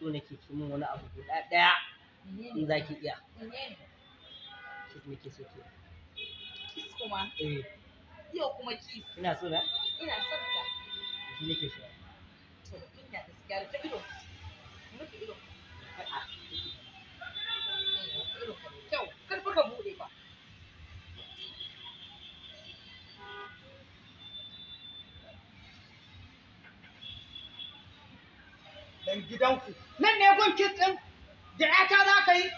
so nake ki min wani abu guda ɗaya in za ki iya kis nake so ki kuma eh yau kuma kis ina so na ina son ka nake so to a'a ido kyau ka bude ba wannan ɗin da ƴata za ka yi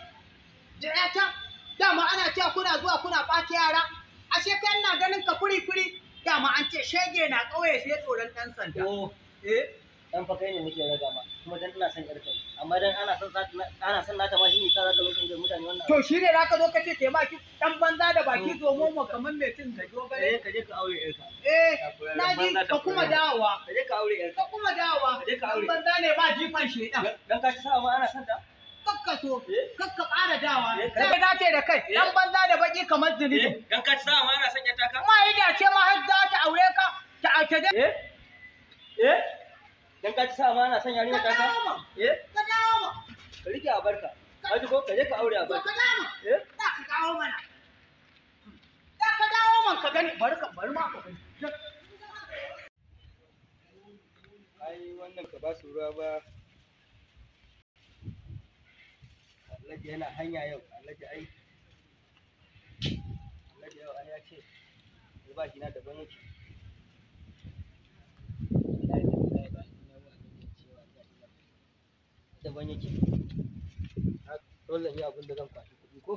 da ƴata dama ana cewa kuna zuwa kuna ɓata yara ashe kai ina ganin ka furi furi dama an ce shege na ƙauye sai tsoron ɗan sanda. Oh, eh dan fa kai ne muke raga ma kuma dan ina son ƴar amma dan ana son ana son naka ma shine sa zaka zo da mutane wannan to shine zaka zo ka ce ke baki dan banza da baki hmm. domin mu kaman mai cin da gobe eh ka ka aure yarka eh na ji ka kuma dawa. ka ka aure yarka ka kuma dawa. ka ka aure banza ne ba jifan shedan dan ka ci sa ma ana son ta kakka so eh. kakka ƙara dawa sai eh, da ce da kai eh. Ɗan banza da baki kamar zunubi dan ka ci sa ma ana son ta ka ma yi da ce ma har za ta aure ka ta ta eh eh dan ka ci sa amana san yarinya ta ka eh ka dawo ma ka rike a barka ka ko ka je ka aure a barka ka dawo ma eh za ka dawo mana za ka dawo man ka gani bari ka bari ma ka gani ai wannan ka ba su ruwa ba Alhaji yana hanya yau, Alhaji ai. Alhaji yau an ya ce, ba shi na daban yake. daban yake dole ne abin da zan kwashi kuɗi ko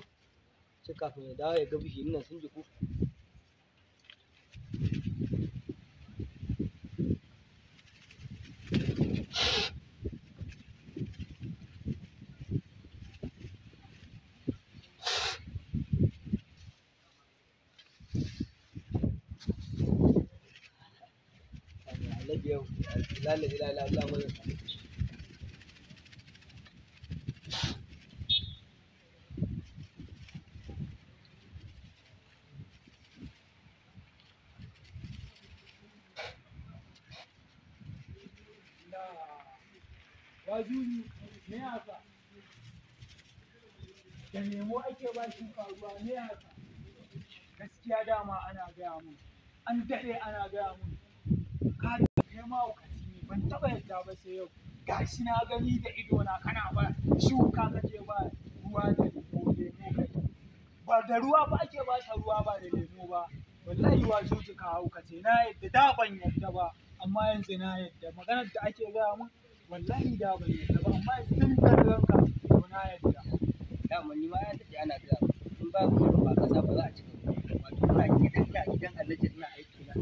sai kafin ya dawo ya ga bishiyun nan sun jiku Lalabi yau, lalabi lalabi wajuju me yasa da nemo ake ba shi faruwa me yasa gaskiya dama ana gaya mun an daɗe ana gaya mun ka kai ma ne ban taɓa yadda ba sai yau gashi na gani da ido na kana ba shuka kake ba ruwa da lemo lemo ba da ruwa ba ake ba shi ruwa ba da lemo ba wallahi wajuju ka hauka ce na yadda da ban yadda ba amma yanzu na yadda maganar da ake gaya mun wallahi da bai yadda ba amma tun da ranka na ni ma ya ana da ba ku ba kasa ba za a cika wato ina gidan ina gidan alhaji ina aiki na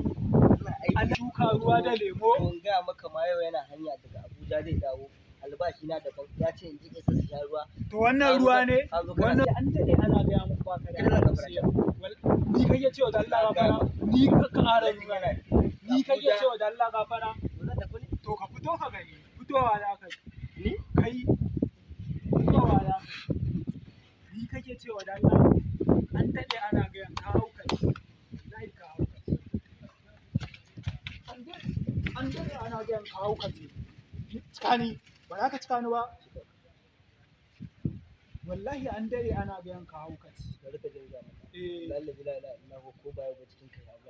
ina aiki an ruwa da lemo mun ga maka ma yau yana hanya daga Abuja zai dawo albashi na daban ya ce in ji isa su ruwa to wannan ruwa ne wannan an ana ga mu ba ka da ni Allah gafara ni ka ƙara ruwa ni Allah gafara to ka fito ka gani fitowa za ka ni kai fitowa za ka ni kake cewa dan an daɗe ana gaya ka hauka zai ka hauka an daɗe ana gaya ka hauka tsani ba za ka tsani ba wallahi an dare ana biyan ka haukaci bari ka jirga eh. ba ka ya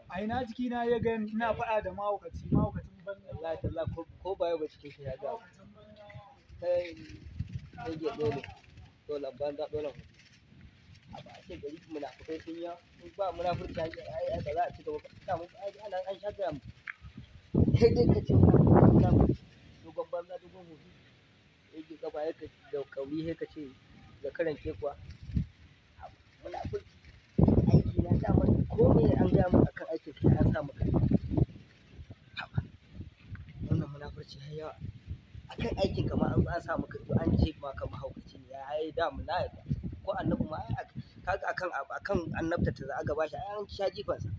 ga na jiki na ya ina faɗa da mahaukaci wallahi ko ba ka ya kai kai dole dole dole a ba ce gari sun ba za a ci gaba ka ana an kai dai ka ce dogon banza dogon gaba kauri yake ce da karin ke kuwa muna kulki aiki na sa mata komai an gaya mu akan aikin ka an sa mu wannan wannan munafurci har yawa akan aikin ka ma an an sa mu kai an ce ma ka mahaukaci ne ai da mu na yadda ko annabi ma ai kaga akan akan annabta ta za a gaba shi ai an sha jifansa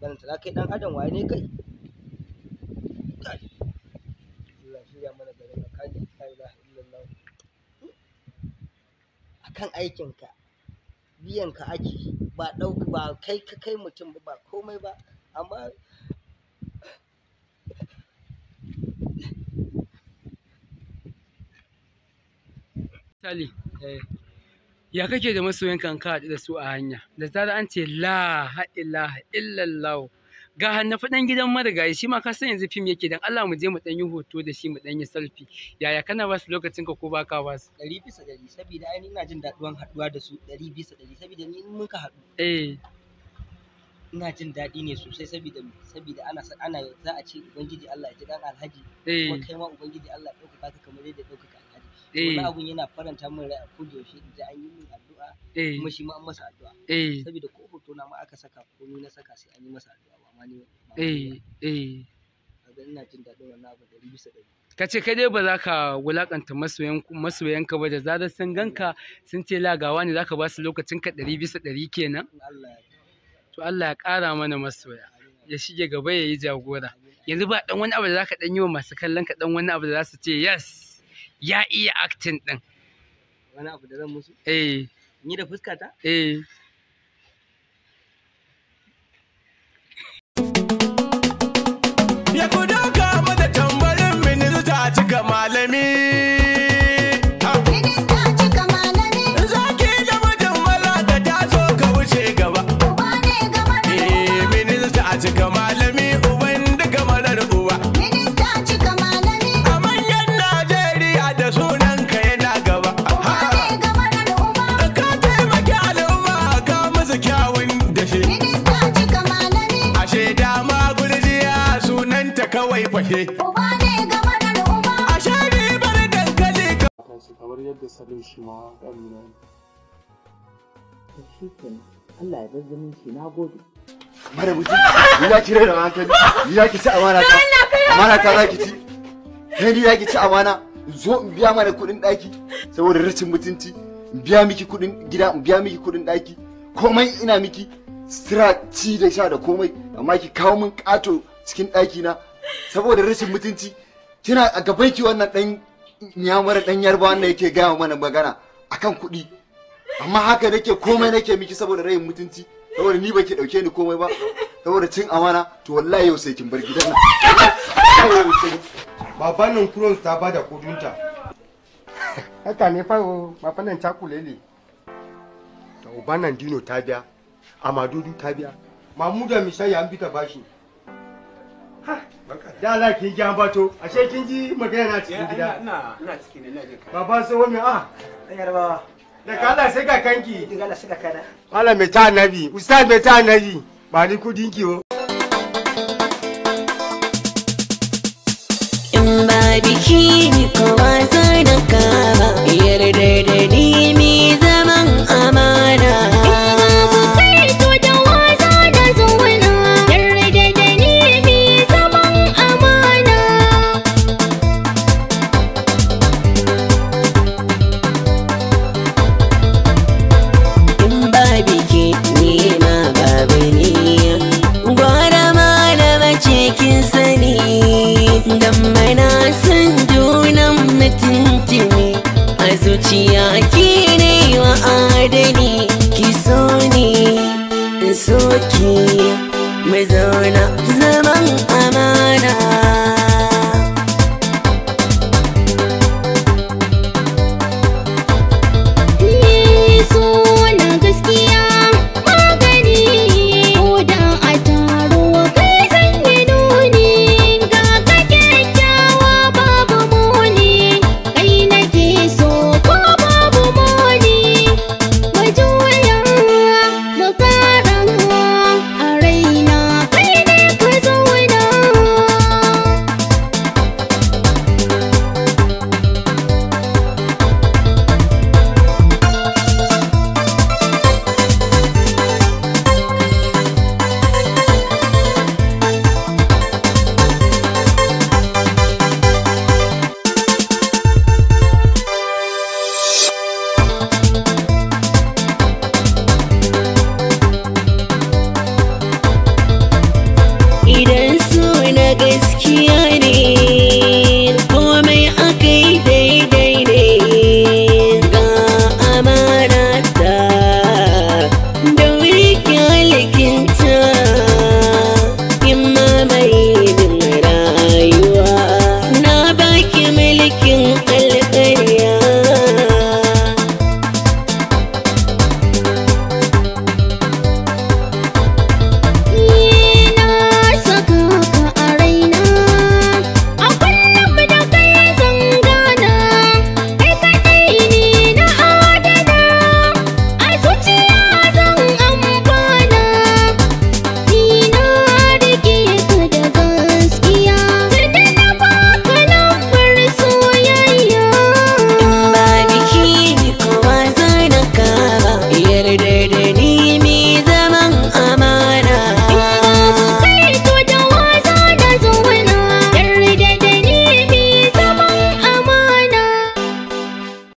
dan ta kai dan adam waye ne kai Kan aikinka biyanka ka ake ba ɗauka ba kai ka kai mutum ba ba komai ba amma Sali, eh, ya kake da masoyan kan ka da su a hanya da zarar an ce la ilaha illallah ga hannafi dan gidan marigayi shi ma ka san yanzu fim yake dan Allah mu je mu dan yi hoto da shi mu dan yi selfie yaya kana ba su lokacin ka ko ba ka ba su ɗari bisa saboda ai ina jin daduwan haduwa da su ɗari bisa saboda ni in muka haɗu eh ina jin daɗi ne sosai saboda saboda ana ana za a ce ubangiji Allah ya ji dan alhaji eh. kuma kai ma ubangiji Allah ya dauka ka kamar yadda ɗaukaka alhaji eh. wani abun yana faranta min rai a koda yaushe da an yi min addu'a eh. kuma shi ma an masa addu'a saboda ko hoto na ma aka saka ko ni na saka sai an yi masa addu'a eh eh ina jin wannan abu ka ce kai dai ba za ka wulakanta masoyanka ba da zarar sun ganka sun ce lagawa ne za ka ba su lokacin ka ɗari bisa ɗari kenan to Allah ya ƙara mana masoya ya shige gaba ya yi jagora yanzu ba dan wani abu da za ka yi wa masu kallon ka dan wani abu da za su ce yes ya iya acting din wani abu da zan musu eh ni da fuskata eh E agora kawai fashe. Uba ne ga madar uba. A sha ribar dankali ka. Kamar yadda Salim shi ma amina. Shi kenan Allah ya bar zumunci na gode. Mara mutum, ni na cire da hankali, ni ya ki ci amana ta. Amana ta za ki ci. Kai ni ya ki ci amana. Zo in biya mana kuɗin ɗaki saboda rashin mutunci. In biya miki kuɗin gida, in biya miki kuɗin ɗaki. Komai ina miki, sira ci da sha da komai amma ki kawo min ƙato cikin ɗakina saboda rashin mutunci kina a gaban ki wannan dan nyamar dan yarba wannan yake gaya mana magana akan kuɗi amma haka nake komai nake miki saboda rayin mutunci saboda ni baki dauke ni komai ba saboda cin amana to wallahi yau sai kin bar gidan nan baban nan cross ta bada kudinta haka ne fa baban nan cakulele ta uban nan dino ta biya amadudu ta biya mamuda misali an bi ta bashi da Allah kin ji an bato ashe kin ji magana na cikin gida ina ina cikin ne ina jin baba sai wani ah a yarbawa da ka Allah sai ka kanki da Allah sai ka kana Allah mai ta annabi ustaz mai ta annabi ba ni kudin ki wo in ba biki ni kowa da ka ba yarda da